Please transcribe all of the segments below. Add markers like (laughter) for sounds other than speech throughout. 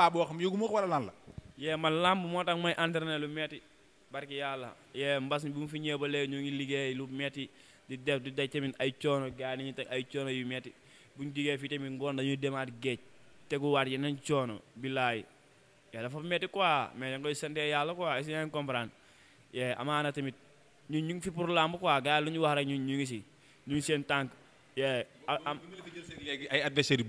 combat boo xam yëgu ma ko a lan la. yee man làmb moo tax may entraîné lu metti barki yàlla yee mbas mi mu fi ñëwee ba ngi liggéey lu metti di def di daj tamit ay coono gaa yi ñu yu metti bu ñu jigee fii tamit ngoon dañuy demaat géej teguwaat yeneen coono billaay yaa da ngay sant yàlla quoi est-ce que ngeen comprendre yee amaana tamit ñun ngi fi pour làmb quoi gars yi lu ñu wax rek ñu ngi si ñu ngi seen tànk yee am léegi ay adversaires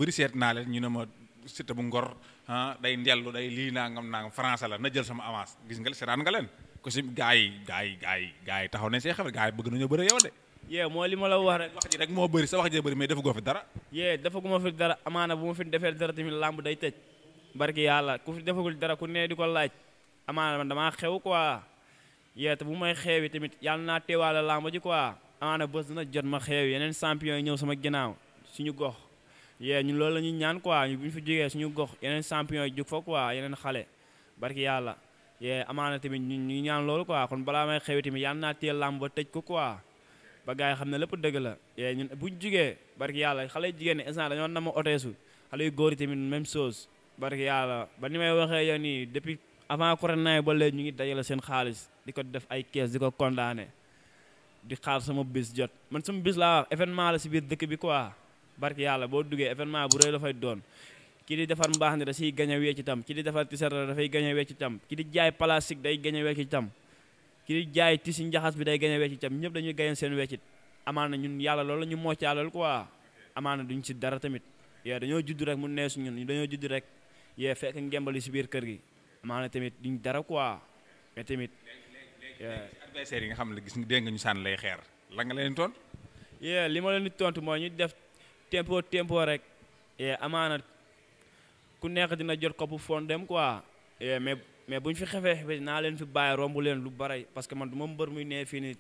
yu Siteu bu ngor ah day ndellu day lii nangam nangam français la na jël sama avance gis nga seraan nga leen ko si gars yi gars yi gars yi gars yi taxaw nañ see xel yi bëgg nañoo bëre yow de ma la wax rek wax ji sa wax ji bëri mais dafa goo fi dara yee dafa gu ma fi dara amaana bu ma fi defee dara tamit làmb day tëj barki yàlla ku fi defagul dara ku nee di ko laaj amaana man damaa xew quoi yee te bu may xeewi tamit yàlla naa teewaale làmb ji quoi amaana bés dina jot ma xeew yeneen champion yi ñëw sama ginnaaw suñu gox yee ñun loolu la ñuy ñaan quoi bu ñu fi jógee suñu gox yeneen champion yi jóg fa quoi yeneen xale barki yàlla yee amaana tamit ñu ñaan loolu quoi kon balaa may xewi tamit yal naa téye làmb ba tëj ko quoi ba gars xam ne lépp dëgg la yee ñun bu ñu jugee barki yàlla xale jigéen ñi instant dañoo nama oteesu xale yu góor yi tamit même chose barki yàlla ba ni may waxee yow nii depuis avant corona ba léegi ñu ngi dajale seen xaalis di ko def ay kees di ko condamné di xaar sama bis jot barki yàlla boo duggee événement bu rëy la fay doon ki di defar mbaax ni a wecc tam ki di dafay gañ a tam ki di jaay plastique day gañ a wecc tam ki di jaay tisi njaxas bi day gañ a wecc tam ñëpp dañuy gañal seen weccit amaana ñun yàlla loolu la ñu moccaalal quoi amaana duñ si dara tamit yee dañoo judd rek mu neesu ñun dañoo judd rek yee fekk ngembali si biir kër gi amaana tamit duñ dara quoi mais tamit adversaire yi nga xam ne gis dégg nga ñu sànni lay xeer yee li ma leen tontu mooy ñu def tempo tempo rek e amaana ku nekk dina jot kopp fondem quoi e mais mais bu ñu fi xefee xefe naa leen fi bàyyi romb leen lu bare parce que man du ma mbër muy nee fii nii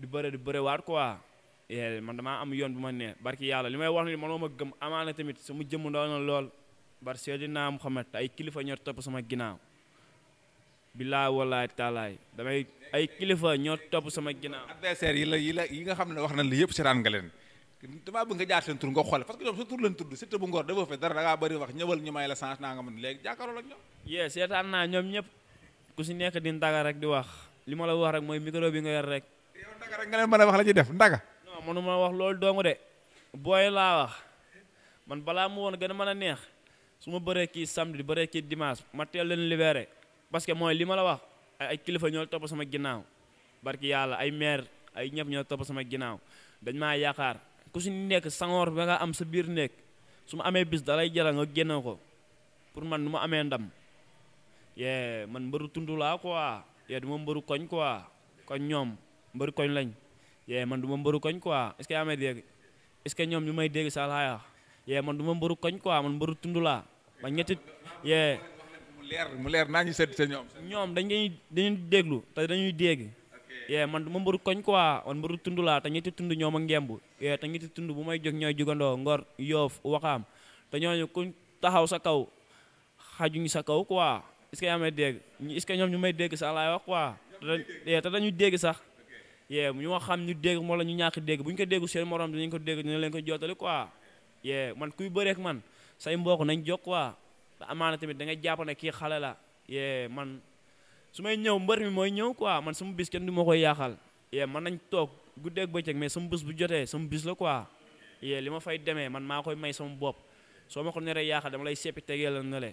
du bëre du bëre waat quoi e man damaa am yoon bu ma nee barki yàlla li may wax ni man moom a gëm amaana tamit sama jëmm ndaw na lool bar naa Muhammad ay kilifa ñoo topp sama ginnaaw billaay wallaay taalaay damay ay kilifa ñoo topp sama ginnaaw adversaire yi la yi yi nga xam ne wax nañ la yëpp seetaan nga leen damaa bëgg nga jaar seen tur nga xoole parce ñoom sa tur lañ tudd surtout bu ngor dafa fe dara da ngaa wax ñëwal ñu may la naa nga mën léegi jàkkaarloo ak ñoom yee seetaan naa ñoom ñëpp ku si nekk di ndaga rek di wax li ma la wax rek mooy micro bi nga yor rek yow ndaga rek nga leen mën a wax la def ndaga non mënu wax loolu doomu de booy laa wax man balaa mu woon gën a mën a neex su ma bëree kii samedi bëree kii dimanche ma teel leen libéré parce que mooy li ma la wax ay kilifa ñoo topp sama ginnaaw barki yàlla ay maire ay ñëpp ñoo topp sama ginnaaw ku si nekk sangoor ba nga am sa biir nekk su ma amee bis dalay jaral nga génn ko pour man nu ma amee ndam yee man mbëru tund laa quoi yee du ma mbëru koñ quoi koñ ñoom mbëru koñ lañ yee man du ma mbëru koñ quoi amee dégg est-ce que ñoom ñu may dégg sa laaya yee man du ma mbëru koñ quoi man mbëru tund laa ba ñetti yee mu leer mu leer naa ñu seet sa ñoom. ñoom dañuy dañuy déglu te dañuy dégg. yee man du ma mbëru koñ quoi man mbëru tund laa te ñetti tund ñoo ma ngemb yee te ñetti tund bu may jóg ñooy jugandoo ngor yoof waxaam te ñooñu kuñ taxaw sa kaw xajuñ sa kaw quoi est-ce que yaa may dégg ñu ce ñoom ñu may dégg sax laay wax quoi te dañu dégg sax yee ñu ma xam ñu dégg moo la ñu ñàkk dégg bu ñu ko déggu seen morom dinañ ko dégg dina leen ko jottali quoi yee man kuy bëreek man say mbokk nañ jóg quoi te amaana tamit da nga su may ñëw mbër mi mooy ñëw quoi man sama bis kenn du moo koy yaaxal yee man nañ toog guddeeg bëccëg mais sama bis bu jotee sama bis la quoi yee li ma fay demee man maa koy may sama bopp soo ma ko neree yaaxal dama lay seppi tegee la nga le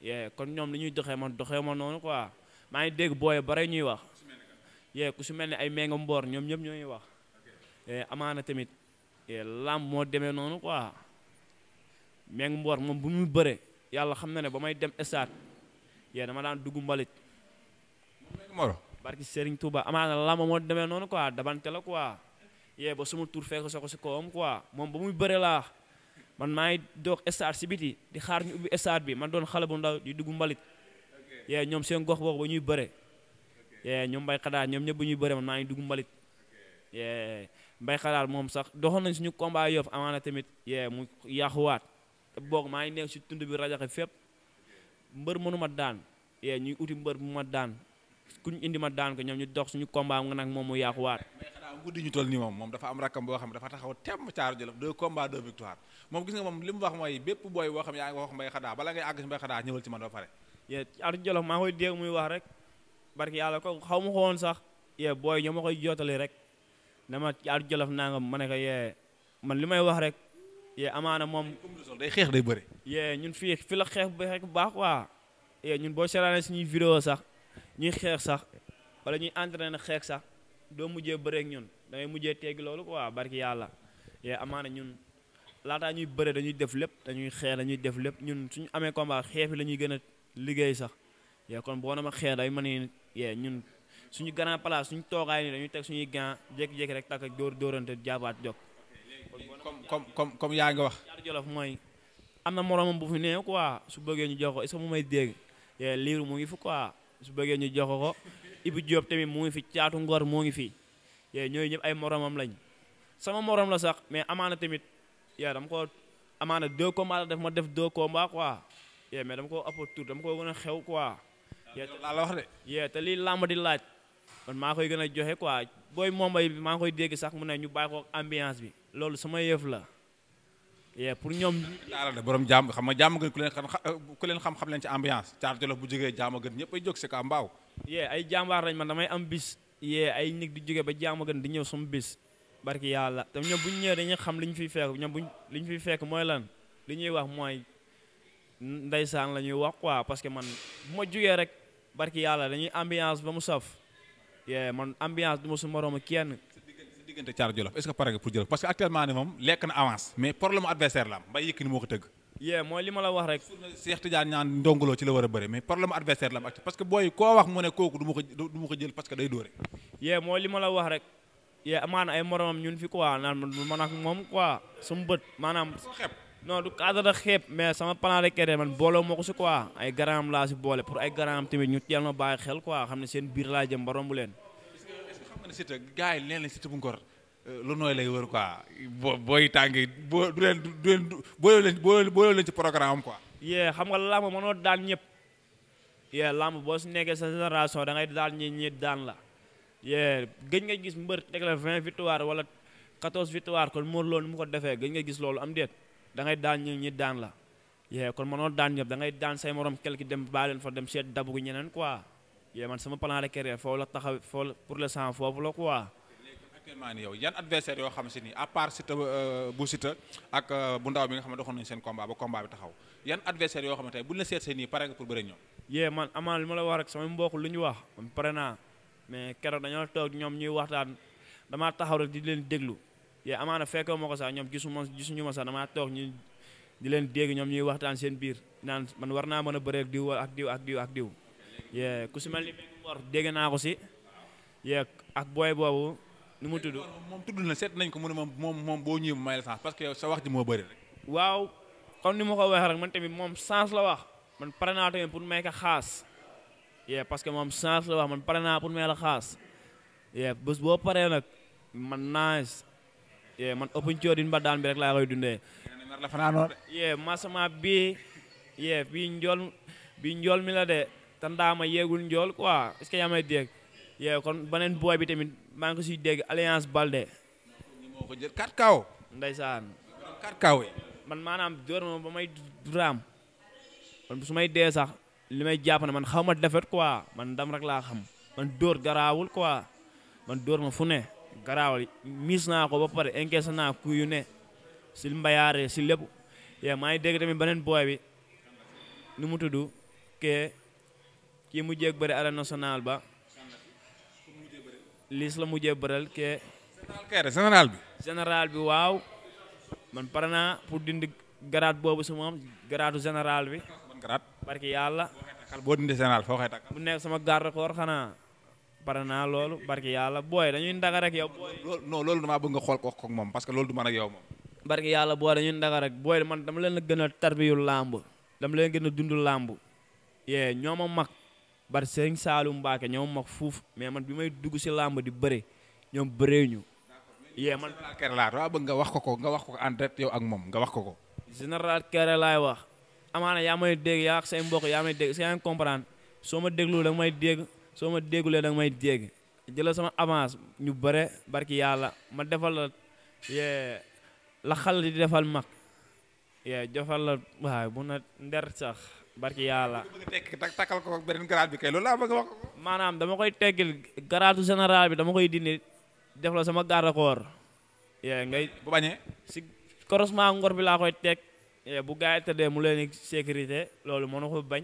yee kon ñoom li ñuy doxee man doxee ma noonu quoi maa ngi dégg booy bare ñuy wax yee ku si mel ni ay ménga mboor ñoom ñëpp ñooy wax amaana tamit làmb moo demee noonu quoi ménga mboor moom bu muy yàlla xam na ne ba may dem stade yee dama daan dugg mbalit Moro barki Serigne Touba amaana làmb moo demee noonu quoi dabante la yee ba suma tur fekk soo ko si kawam quoi moom ba muy bëre laa man maa ngi doog stade si biti di xaar ñu ubbi stade bi man doon xale bu ndaw di dugg ñoom seen gox boobu ñuy bëre ñoom mbay xadaar ñoom ñëpp ba ñuy bëre man maa ngi dugg mbalit yee mbay xadaar moom sax doxoon nañ suñu combat yoof amaana tamit yee mu yàquwaat te boog maa ngi nekk si tund bi rajaxe fépp mbër mënu ma daan yee ñuy uti mbër bu ma daan kuñ indi ma daan ko ñoom ñu dox suñu combat nga nag moom mu yaaxuwaat guddi ñu toll nii moom moom dafa am rakkam boo xam ne dafa taxaw temm caaru jolof deux combats deux victoire moom gis nga moom li mu wax mooy bépp booy boo xam yaa ngi wax mbay xadaa bala ngay àgg si mbay xadaa ñëwal ma ko woon sax yee booy ñoo ma koy jootali rek ne ma caaru jolof nangam ma ne ko yee man li may wax rek yee amaana moom day xeex day bëri yee ñun fii fi la xeex bi rek bu baax waa yee ñun boo seetaanee suñuy vidéo sax ñuy xeex sax wala ñuy entraîné xeex sax doo mujjee bëreek ñun da ngay mujjee teggi loolu waaw barki yàlla yee amaana ñun laataa ñuy bëre dañuy def lépp dañuy xeex dañuy def lépp ñun suñu amee combat xeex bi la ñuy gën a liggéey sax kon boo na ma xeex day mën ni ñun suñu grand place suñu toogaay nii dañuy teg suñuy gant jékki-jékki rek takk dóor dóorante jaabaat jog comme comme comme yaa ngi wax Thiatou mooy am na moromam bu fi neew quoi su bëggee ñu jox ko est-ce may dégg liiru mu ngi fu quoi su bëggee ñu jox ko Ibu Diop tamit mu ngi fi caatu ngor moo ngi fi yooyu ñooyu ñëpp ay moromam lañ sama morom la sax mais amaana tamit yaa dama ko amaana deux ko la def ma def deux combats quoi yee mais dama ko ëpp tur dama ko gën a xew quoi. laa la wax de. yee te lii làmb di laaj man maa koy gën a joxe quoi booy Mombaay bi maa ngi koy dégg sax mu ne ñu bàyyi ko ambiance bi loolu sama yëf la. yee pour ñoom. daara de borom jàmm xam ma jàmm gën ku leen xam ku leen xam-xam leen ci ambiance caar jolof bu jógee jàmm gën ñëpp ay jóg si ka mbaaw. yee ay jàmbaar lañ man damay am bis yee ay nit di jógee ba jàmm gën di ñëw suma bis barki yàlla te ñoom bu ñu ñëwee dañuy xam li ñu fiy fekk ñoom bu li ñu fiy fekk mooy lan li ñuy wax mooy ndeysaan la ñuy wax quoi parce que man bu ma jógee rek barki yàlla dañuy ambiance ba mu saf yee man ambiance du ma su moroom kenn diggante Caar Jolof est-ce que pare pour Jolof parce que actuellement ni moom lekk na avance mais problème adversaire la am Mbaye Yékini moo ko tëgg. yee mooy li la wax rek. a yee amaana ay moromam ñun fi quoi naan man ak moom quoi sumu bët maanaam. non du cadre da mais sama plan de man booloo moo ko si quoi ay garam laa si boole pour ay garam tamit ñu teel ma bàyyi xel quoi xam ne seen biir laa jëm ba romb leen ne Siteu gars yi leen la Siteu bu ngor euh, lu nooy lay wër quoi boo booy tàngi boo du leen du leen booyoo leen booyoo leen ci programme am quoi. yee xam nga làmb mënoo daan ñëpp yee làmb boo si nekkee sa génération da ngay daan ñi ñi daan la yee nga gis mbër teg la 20 victoire wala 14 victoire kon Modou Lo ni mu nga gis loolu am déet da daan ñi ñi daan la yee kon mënoo da ngay daan say morom dem baa leen fa dem seet dabu ñeneen quoi. yee man sama plan de la taxaw foofu pour le sang foofu la quoi. actuellement yow yan adversaire yoo xam ni à part Siteu euh, bu Siteu ak euh, bu ndaw bi nga xam ne doxoon nañu seen combat ba combat bi taxaw yan adversaire yoo xam ne tey buñ la see nii pare nga pour man ma la wax rek sama mbokk lu ñu wax pare naa mais keroog dañoo toog ñoom ñuy waxtaan damaa taxaw di leen déglu yee amaana fekkoo ma ko sax ñoom gisu ma ma sax damaa toog ñu di leen dégg ñoom ñuy waxtaan seen biir naan man war naa mën a bëree ak diw ak diw ak diw ak diw. yee ku si mel ni Mor dégg naa ko si. yee ak booy boobu nu mu tudd. moom tudd na seet nañ ko mu ne moom moom boo ñëwee may la sens parce que sa wax ji moo bëri rek. waaw comme ni ma ko waxee rek man tamit moom sens la wax man pare naa tamit pour may ko xaas. yee parce que moom sens la wax man pare naa pour may la xaas. yee bés boo paree nag man naa yee man ëppuñ coodin ba daan bi rek laa koy dundee. yee bii yee bii njool bii njool mi la de. ma yeegul njool quoi est-ce que yaa may dégg yee kon beneen booy bi tamit maa ngi ko siy dégg alliance Balde. moo ko jël 4 kaw. ndeysaan. 4 man maanaam door ma ba may raam man su may dee sax li may jàpp ne man xaw ma defet quoi man ndam rek laa xam man dóor garaawul quoi man dóor ma fu ne garaawul miis naa ko ba pare encaissé naa ku yu ne si mbayaare si lépp yee maa ngi tamit beneen booy nu mu tudd kee kii mujjee bëri arène nationale ba liis la mujjee bëreel kee général bi général bi waaw man pare naa pour dindi garaat boobu si moom garaatu général bi barki yàlla boo dindi général foo koy takk bu nekk sama garde corps xanaa naa loolu barki yàlla booy dañuy ndaga rek yow non loolu bëgg xool ko kook moom parce que loolu du man ak booy dañuy ndaga rek booy dama leen a gën a tarbiyu làmb dama leen gën a dund làmb yee ñooma mag bari sëriñ Saalum Mbaake ñoom mag fuuf mais man bi may dugg si làmb di bëre ñoom bëree ñu. yee man Kerala waaw bëgg nga wax ko ko nga wax ko ko en direct yow ak moom nga wax ko ko. général Kerala laay wax. amaana yaa may dégg yaa ak say mbokk yaa may dégg seen yaa soo ma déglu da nga may dégg soo ma déglulee da nga may dégg jëlal sama avance ñu bëre barki yàlla ma defal la yee la xal di defal mag yee jofal la waaye bu na nder sax. barki yàlla. tekk takkal ko beneen grade bi kay loolu laa bëgg maanaam dama koy teggil garaatu général bi dama koy dindi def la sama garde corps. yee ngay bu bañee. si corosement ngor bi laa koy teg bu gars yi tëddee mu leen sécurité loolu mënu ko bañ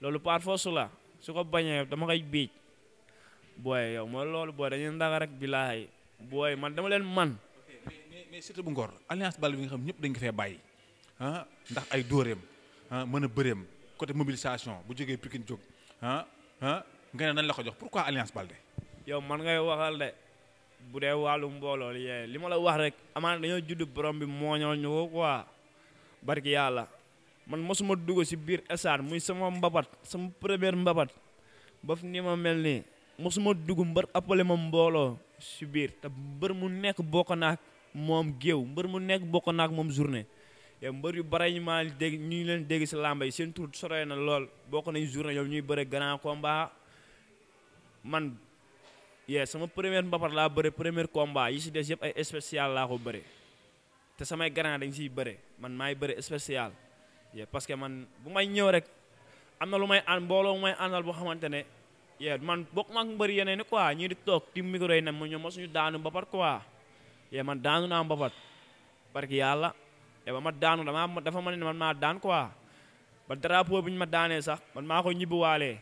loolu par force la su ko bañee dama koy biij booy yow mooy loolu booy dañuy ndaga rek bilaay booy man dama leen man mais mais bu ngor alliance bal bi nga xam ñëpp dañ ko fee bàyyi ah ndax ay dóoreem ah, mën a bëreem côté mobilisation bu jógee Pikine jóg ah ah nga ne nañ la ko jox pour pourquoi Alliance Baldé. yow man ngay waxal de bu dee wàllu mbooloo yee li ma la wax rek amaana dañoo judd borom bi mooñoo ñu ko quoi barki yàlla man mosuma dugg si biir stade muy sama mbabat sama première mbabat ba fi ni ma mel nii mosuma dugg mbar appelé ma mbooloo si biir te mbër mu nekk bokk naak moom géew mbër mu nekk bokk naak moom journée mbër yu bare ñu maa dégg ñu ngi leen dégg si làmba yi seen tur sore na lool bokk nañ journée ñoom ñuy bëre grand combat man yee sama première mbapat laa bëre premier combat yi si des yëpp ay spécial laa ko bëre te samay grand dañ siy bëre man maay bëre spécial yee parce que man bu may ñëw rek am na lu may ànd mbooloo may àndal boo xamante ne yee man bokk maak mbër yeneen ni quoi ñii di toog ti micro yi ne ma ñoom mosuñu daanu mbapat quoi yee man daanu naa mbapat parce te eh, ba ma daanu damaa dafa ma ne man maa daan quoi ba drapeau bi ma daanee sax ma maa ko ñibbiwaalee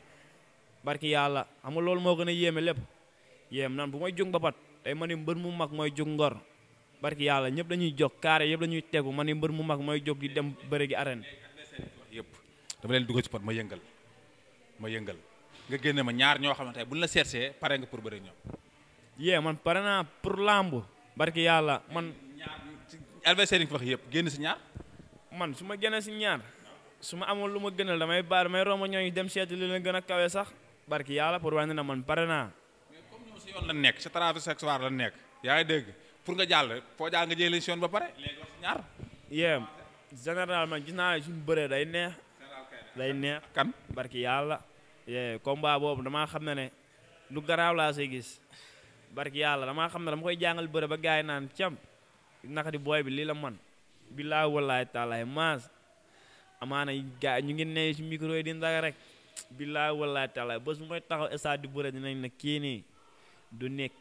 barki yàlla xam nga loolu moo gën a yéeme lépp yéem nan bu may jóg mbapat tey ma ni mbër mu mag mooy jóg ngor barki yàlla ñëpp dañuy jóg carré yëpp dañuy tegu ma ni mbër mu mag mooy jóg di dem bëre gi arène yëpp dama leen dugal ci pot ma yëngal ma yëngal nga génne ma ñaar ñoo xam ne tey buñ la seetsee pare nga pour bëre ñoom yée man pare naa pour lamb barki yàlla man adversaire yi nga yëpp génn si ñaar. man su ma génnee si ñaar su ma amoon lu ma gënal damay baar damay romb ñooñu dem seet li leen gën a kawe sax barki yàlla pour wane na man pare naa. la nekk si traversé sexuar la nekk yaa ngi dégg pour nga jàll foo jàll nga jëlee ba pare léegi wax si ñaar. day neex. day neex kan barki yàlla. yee combat boobu damaa xam ne ne lu garaaw laa say gis barki yàlla damaa xam ne dama koy jàngal bëre ba gars naan cam. naka di booy bi lii la man billaay wallaay taalaay maas amaana gaa ñu ngi ne ci micro yi di ndaga rek billaay wallaay taalaay bés bu taxaw stade di bëre dinañ ne kii nii du nekk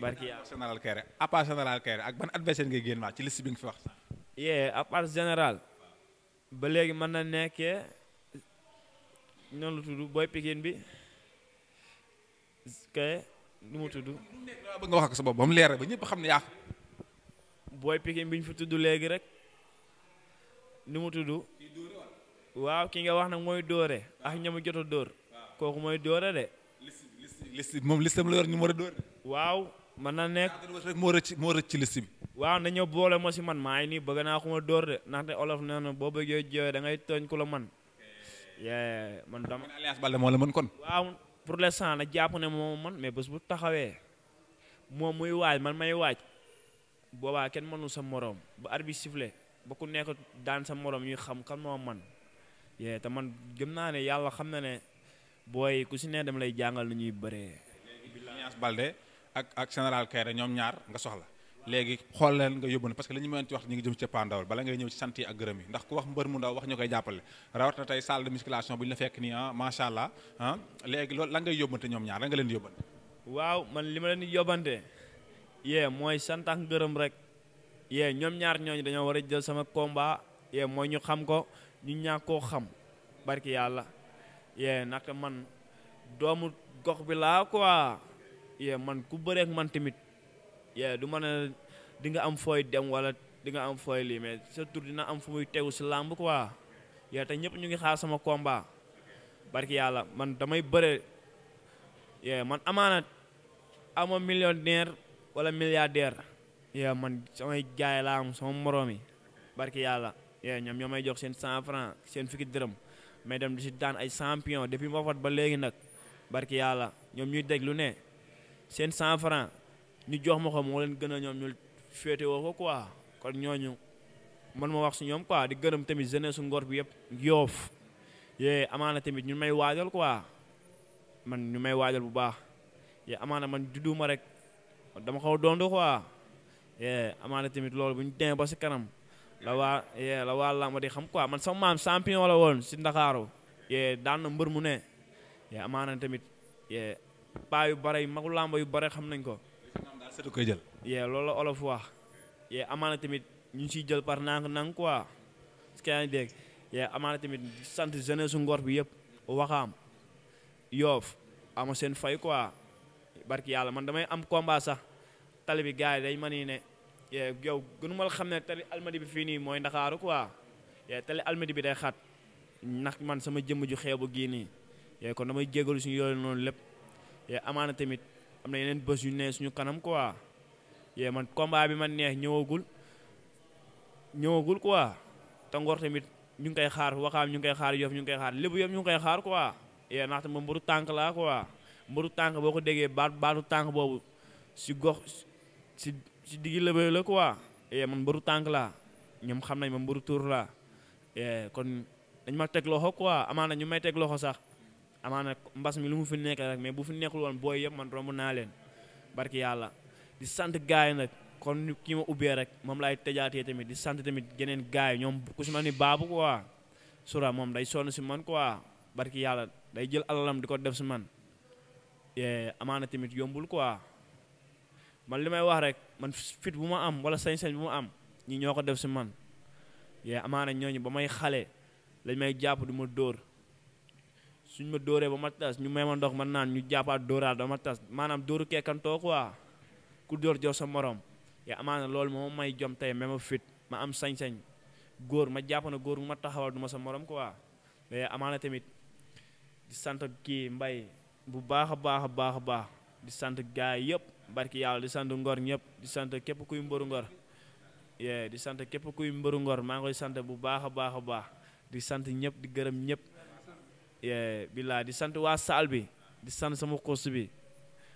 barki yaa général Kairé à part général Kairé ak ban adversaire ngay génn bi nga fi wax yee à part ba léegi mën na nekkee noonu lu tudd booy pikin bi kay nu mu tudd bëgg sa bopp ba mu leer ba ñëpp xam ne yaa booy Pikine bi ñu fi tudd léegi rek ni mu tudd waaw kii nga wax nag mooy dóore ak ñamu jot a dóor kooku mooy dóore de liste moom liste am la yor ñu war a dóor waaw mën na nekk rek moo rëcc moo ci liste bi waaw nañoo boole ma si man maa ngi nii bëgg naa ku ma dóor de ndaxte olof nee na boo bëggee jooy da ngay tooñ ku la man man dama moo mën kon waaw pour l'instant nag jàpp ne moom man mais bés bu taxawee moom muy waaj man may waaj boobaa kenn mënul sa moroom ba arbitre sifflé ba ku nekk daan sa moroom ñuy xam kan moo man yee te man gëm naa ne yàlla xam na ne booy ku si ne dem lay jàngal nu ñuy bëree. Niass Balde ak ak général Kayre ñoom ñaar nga soxla léegi xool leen nga yóbbu na parce que li ñu mënti wax ñu ngi jëm ci pandawal bala ngay ñëw ci sant yi ak gërëm yi ndax ku wax mbër mu ndaw wax ñu koy jàppale rawat na tey salle de musculation bu ñu la fekk nii ah macha allah ah, léegi loolu la ngay yóbbante ñoom ñaar la nga leen di yee mooy sant ak ngërëm rek yee ñoom ñaar ñooñu dañoo war a jël sama combat yee mooy ñu xam ko ñu ñaar koo xam barki yàlla yee naka man doomu gox bi laa quoi yee man ku bëreek man tamit yee du ma ne di nga am fooy dem wala dinga am fooy lii mais sa tur dina am fu muy tegu si làmb quoi yee te ñëpp ñu ngi xaar sama combat barki yàlla man damay bëre yee man amaana ama millionnaire wala milliardaire yee man samay gaay laa am sama moroom yi barki yàlla yee ñoom ñoo may jox seen cent franc seen fukki dërëm mais dem di si daan ay champion depuis ma fat ba léegi nag barki yàlla ñoom ñuy dégg lu ne seen cent franc ñu jox ma ko moo leen gën a ñoom ñu féete woo ko quoi kon ñooñu man ma wax si ñoom quoi di gërëm tamit jeunesse su ngor bi yëpp yoof yee amaana tamit ñu may waajal quoi man ñu may waajal bu baax yee amaana man duuma rek dama xaw dondu quoi amaana tamit loolu bu ñu demee ba si kanam la waa la waa di xam quoi man sama maam champion la woon si Ndakaaru daan na mbër mu ne amaana tamit paa yu bare magu làmb yu bare xam nañ ko. sëtu koy jël. loolu la olof wax amaana tamit ñu ngi siy jël par nang nang quoi parce que yaa ngi amaana tamit sant jeunesse su ngor bi yëpp waxaam yoof ama seen fay quoi. barki yàlla man damay am komba sax tali bi gars yi day ma ni ne yow gënu ma xam ne tali almadi bi fii nii mooy Ndakaaru quoi tali almadi bi day xat ndax man sama jëmm ju xeebu gii nii yooyu kon damay jégalu suñu yooyu noonu lépp yee amaana tamit am yeneen bés yu ne suñu kanam quoi yee man combat bi man neex ñëwagul ñëwagul quoi te Ngor tamit ñu ngi koy xaar waxaam ñu ngi koy xaar Yoff ñu ngi koy xaar lépp Yoff ñu ngi koy xaar quoi yee ndaxte ma mbaru tànk laa quoi mbaru tànk boo ko déggee baat baatu tànk boobu si gox si si digg lëbëy la quoi e man mbaru tànk laa ñoom xam nañ ma mbëru tuur laa eh, kon dañ ma teg loxo quoi amaana ñu may teg loxo sax amaana mbas mi lu mu fi nekk rek mais bu fi nekkul woon boo yëpp man romb naa leen barki yàlla di sant gaay nag kon kii ma ubbee rek moom laay tejaatee tamit di sant tamit geneen gaay ñoom ku si ma ni baabu quoi sura moom day sonn si man quoi barki yàlla day jël alalam di ko def si man Eh, amaana tamit yombul quoi man li may wax rek man fit bu ma am wala sañ-sañ bu ma am ñi ñoo ko def si man yee eh, amaana ñooñu ba may xale lañ may jàpp du ma dóor suñ ma dóoree ba ma tas ñu may ma ndox man naan ñu jàppaat dóoraat ba tas maanaam dóoru kekkantoo quoi ku dóor jox sa moroom yaa eh, amaana loolu moo may jom tey ma fit ma am sañ-sañ góor ma jàpp góor bu ma taxawal du ma sa moroom quoi mais amaana tamit di sant kii mbay bu baax a baax a baax a baax di sant gaay yëpp barki yàlla di sant ngor ñëpp di sant képp kuy mbëru ngor yee di sant képp kuy mbëru ngor maa ngi koy sant bu baax a baax a baax di sant ñëpp di gërëm ñëpp yee billaa di sant waa saal bi di sant sama coach bi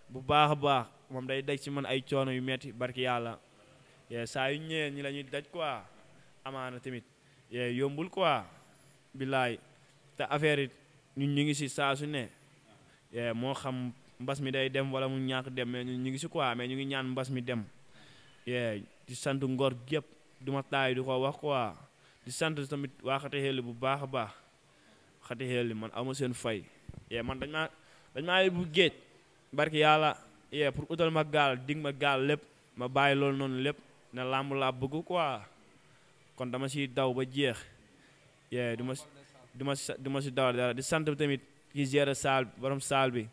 bu baax a baax moom day daj si man ay coono yu metti barki yàlla yee saa yu ñëwee ñi lañuy ñuy daj quoi amaana tamit yee yombul quoi billaay te affaire it ñu ñu ngi si saa su ne Eh, moo xam mbas mi day dem wala mu ñàkk dem mais ñu ngi si quoi mais ñu ngi ñaan mbas mi dem eh, di sant ngor gépp du ma taay di ko wax quoi di sant tamit waa xate xel bu baax a baax xate xel man ama seen fay eh, man dañ maa dañ maa yóbbu géej barki yàlla pour utal ma gaal dig ma gaal lépp ma bàyyi loolu noonu lépp ne làmb laa bëgg quoi kon dama si daw ba jeex du ma du ma si daw dara di sant tamit ki gérer borom saal bi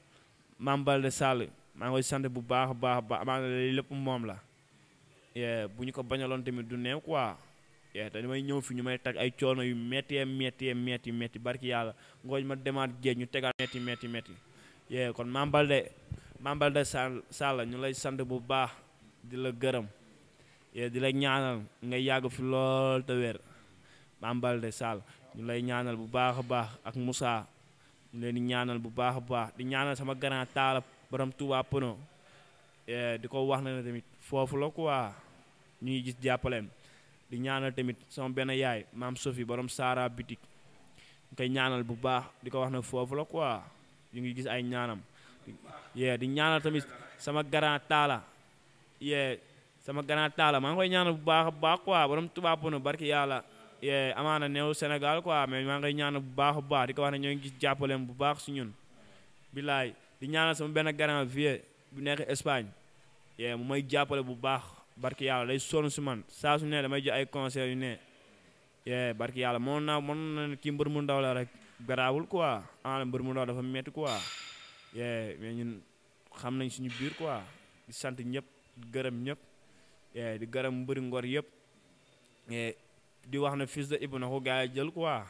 maam Balde Sall maa bu baax a baax lépp moom la bu ñu ko bañaloon tamit du neew quoi te damay ñëw fi ñu may tag ay coono yu méttee méttee métti métti barki yàlla ngooñ ma demaat géej ñu tegaat métti métti kon maam Balde maam Balde ñu lay sant bu baax di la gërëm di la ñaanal nga yàgg fi lool te wér maam Balde Sall ñu lay ñaanal bu baax baax ak Moussa. ñu leen di ñaanal bu baax a baax di ñaanal sama grand taala borom Touba Pono eh, di ko wax na ne tamit foofu la quoi ñu ngi gis jàppaleem di ñaanal tamit sama benn yaay maam Sophie borom Saara bitik ñaanal bu baax di ko wax na foofu la quoi ñu ngi gis ay ñaanam yee di ñaanal tamit sama grand taala yee sama grand taala maa ngi koy ñaanal bu baax a baax quoi borom Touba Pono barki yàlla amaana néew Sénégal quoi mais maa ngay ñaanal bu baax bu baax di ko ñoo gis jàppaleem bu baax si ñun. billaay di ñaanal sama benn grand vieux bu nekk Espagne mu may jàppale bu baax barki yàlla day sonn si man saa su ne damay jox ay conseil yu ne barki yàlla mënoon naa mënoon ne kii mbër mu ndaw la rek garaawul quoi amaana mbër mu ndaw dafa metti quoi mais ñun xam nañ suñu biir quoi di sant ñëpp di gërëm ñëpp di gërëm mbëri ngor yëpp. di wax na fils de Ibna ko gars jël quoi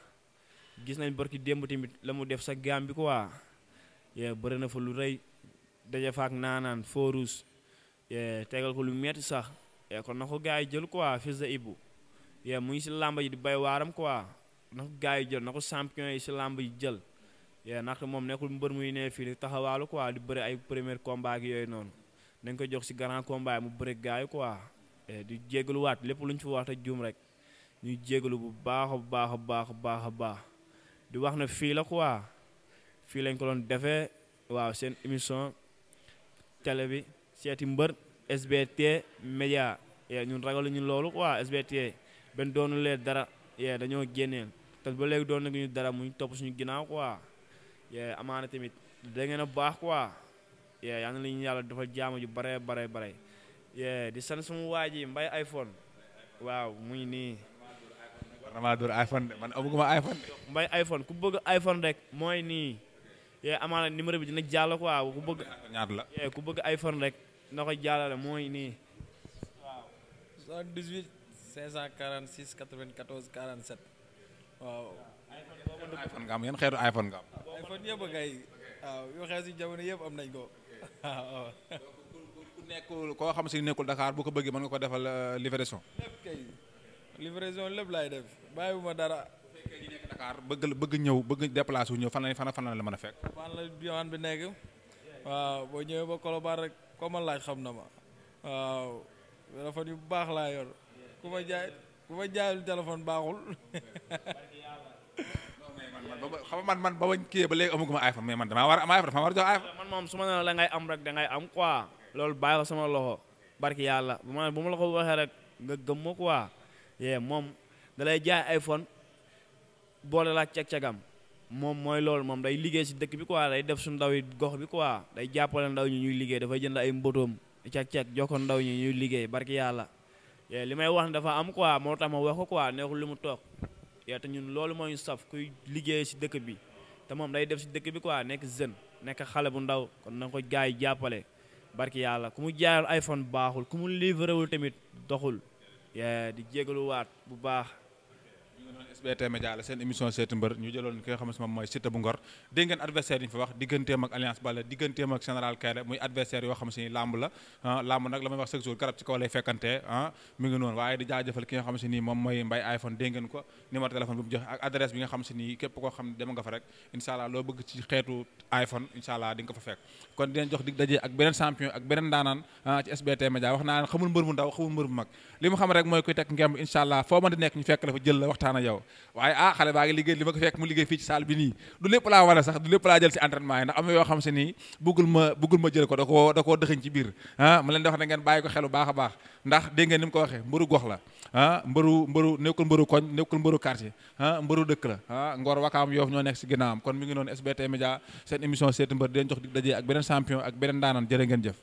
gis nañ barki démb tamit la mu def sa gaam bi quoi bëri na fa lu rëy daje fa ak naanaan Forus tegal ko lu metti sax kon na ko gars yi jël quoi fils de Ibou mu ngi si làmba yi di bay waaram quoi na ko gars yi jël na ko champion yi si làmb yi jël ndaxte moom nekkul mbër muy ne fii di taxawaalu quoi di bëri ay premier combat yooyu noonu nañ ko jox si grand combat mu bëri gars yi di jégaluwaat lépp luñ fi wax te rek. ñuy jégalu bu baax a baax a baax baax a baax di wax na fii la quoi fii lañ ko doon defee waaw seen émission tele bi seeti mbër SBT média yee ñun ragalu ñu loolu waa SBT benn doonu leen dara yee dañoo génneel te ba léegi doon nañu dara mu topp suñu ginnaaw quoi yee amaana tamit da ngeen a baax quoi yee yaa ngi la ñu yàlla dafa jaama bare bare bare yee di sant sumu waa ji mbay iPhone waaw muy nii damaa dóor iPhone de man amaguma iPhone de. mbay iPhone ku bëgg iPhone rek mooy nii yee amaana numéro bi dina jàll quoi ku bëgg. ñaata la yee ku bëgg iPhone rek na ko jàllale mooy nii. waaw iPhone nga am yan xeetu iPhone nga am. iPhone yëpp ngay waaw yu xees yi jamono yëpp am nañ ko waaw. koo xam si nekkul Dakar bu ko bëggee mën nga ko defal euh, livraison. livraison lépp laay def bàyyi bu ma dara. bu fekkee bëgg ñëw bëgg déplacé ñëw fan lañ fan la la mën a fekk. fan bi nekk waaw boo ñëwee ba Colobane rek ko ma laaj xam na ma waaw téléphone yu baax laa yor ku ma jaay ku ma jaayul téléphone baaxul. (laughs) xam man man ba bañ kii ba léegi amaguma iPhone mais man damaa war a am iPhone damaa war jox iPhone. man moom su ma ne la ngay am rek da ngay am quoi. loolu bàyyi ko sama loxo barki yàlla bu ma bu ma la ko rek nga gëm ma yee moom dalay jaay iPhone boole laa cag-cagam moom mooy loolu moom day liggéey si dëkk bi quoi day def su ndaw yi gox bi quoi day jàppale ndaw ñi ñuy liggéey dafay jënd ay mbotoom cag-cag jokkoon ndaw ñi liggéey barki yàlla yee li may wax ne dafa am quoi moo tax ma wax ko quoi neexul li mu toog yee te ñun loolu moo ñu saf kuy liggéey si dëkk bi te moom day def si dëkk bi quoi nekk jeune nekk xale bu ndaw kon na ko gaay jàppale barki yàlla ku mu jaayal iPhone baaxul ku mu livrewul tamit doxul di jégaluwaat bu baax SBT Média seen émission seeti mbër ñu jëloon ki nga xam ne moom mooy Siteu bu Ngor dégg adversaire yi ñu fa wax digganteem ak Alliance Baldé la ah, làmb wax chaque jour ah, moom mooy Mbaye iPhone dégg ko numéro téléphone bi mu joxe ak adresse bi nga xam si ni képp koo xam ne fa rek incha loo bëgg ci xeetu iPhone incha allah fa fekk kon dinañ jox dig dajee ak beneen champion ak beneen daanaan ah, ci wax naa xamul mbër bu ndaw xamul mbër bu mag li xam rek waaye ah xale baa ngi liggéey li ma ko fekk mu liggéey fii ci salle bi nii du lépp laa wane sax du lépp laa jël si entraînement yi ndax am na yoo xam si nii bëggul ma bëggul ma jël ko da koo da koo dëxëñ ci biir ah leen di wax ne ngeen bàyyi ko xelu baax a baax ndax dégg ngeen ni mu ko waxee mbëru gox la ah mbëru mbëru nekkul mbaru koñ nekkul mbëru quartier ah dëkk la ah Ngor Wakaam Yoof ñoo nekk si ginnaawam kon mi ngi noonu SBT Média seen émission seeti mbër di leen ak beneen champion ak beneen daanan